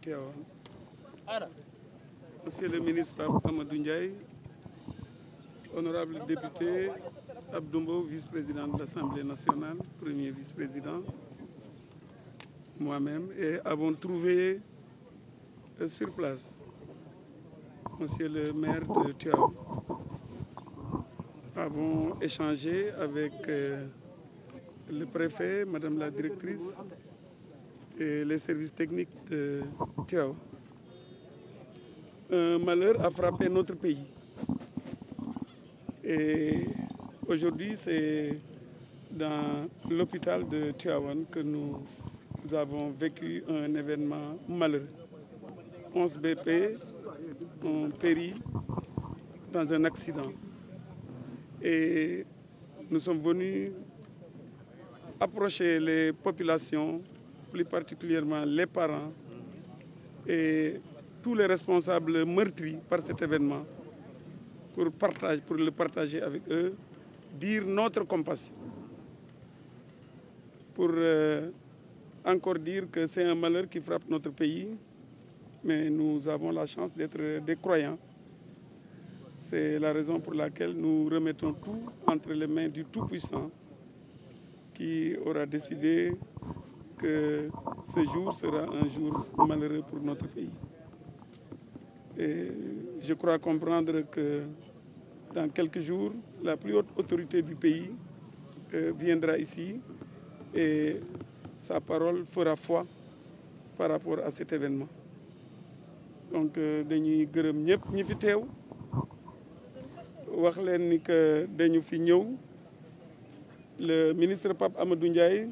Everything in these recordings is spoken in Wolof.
Tivaouane Monsieur le ministre Pape Amadou Ndiaye honorable député Abdou Mbow vice-président de l'Assemblée nationale premier vice-président moi-même et avons trouvé euh, sur place monsieur le maire de Tivaouane avons échangé avec euh, le préfet madame la directrice et euh, les services techniques de Tiao. Un malheur a frappé notre pays. Et aujourd'hui, c'est dans l'hôpital de Tiawan que nous avons vécu un événement malheureux. 11 BP ont péri dans un accident. Et nous sommes venus approcher les populations plus particulièrement les parents et tous les responsables meurtris par cet événement pour, partage, pour le partager avec eux, dire notre compassion. Pour euh, encore dire que c'est un malheur qui frappe notre pays, mais nous avons la chance d'être des croyants. C'est la raison pour laquelle nous remettons tout entre les mains du Tout-Puissant qui aura décidé que ce jour sera un jour malheureux pour notre pays. Et je crois comprendre que dans quelques jours, la plus haute autorité du pays euh, viendra ici et sa parole fera foi par rapport à cet événement. donc euh, dañuy gërëm ñëpp ñi fi teew wax leen ni que dañu fi ñëw le ministre Pape Amadou Ndiaye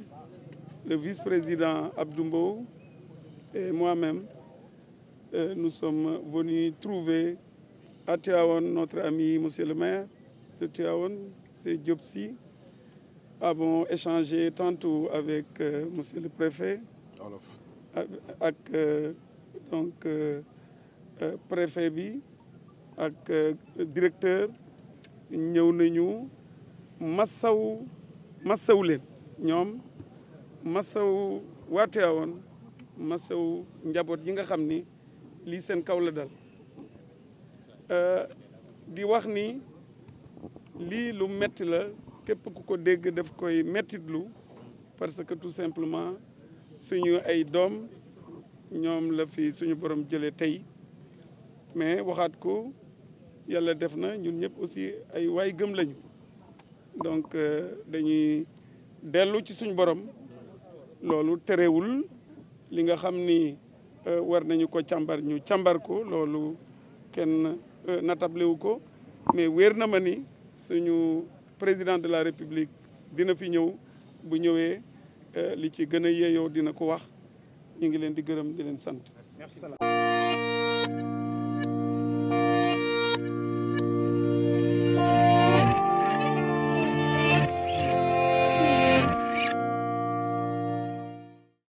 le vice-président Abdoumbo et moi-même, euh, nous sommes venus trouver à Tiaon notre ami monsieur le maire de Tiaon, c'est Diopsi. Avons échangé tantôt avec euh, le préfet ak, ak euh, euh, euh bi ak directeur ñëw nañu massaw massaw leen ñoom masawu waa Tiwaawoon masawu njaboot yi nga xam ni lii seen kaw la dal euh, di wax ni lii lu metti la képp ku ko dégg daf koy mettitlu parce que tout simplement suñu ay doom ñoom la fi suñu borom jëlee tey mais waxaat ko yàlla def na ñun ñëpp aussi ay waay gëm lañu donc euh, dañuy dellu ci suñu borom loolu terewul li nga xam ni euh, war nañu ko càmbar ñu càmbar ko loolu kenn euh, natable wu ko mais wéer na ma ni suñu président de la république dina fi ñëw bu ñëwee euh, li ci gën a yeeyoo dina ko wax ñu ngi leen di gërëm di leen sant.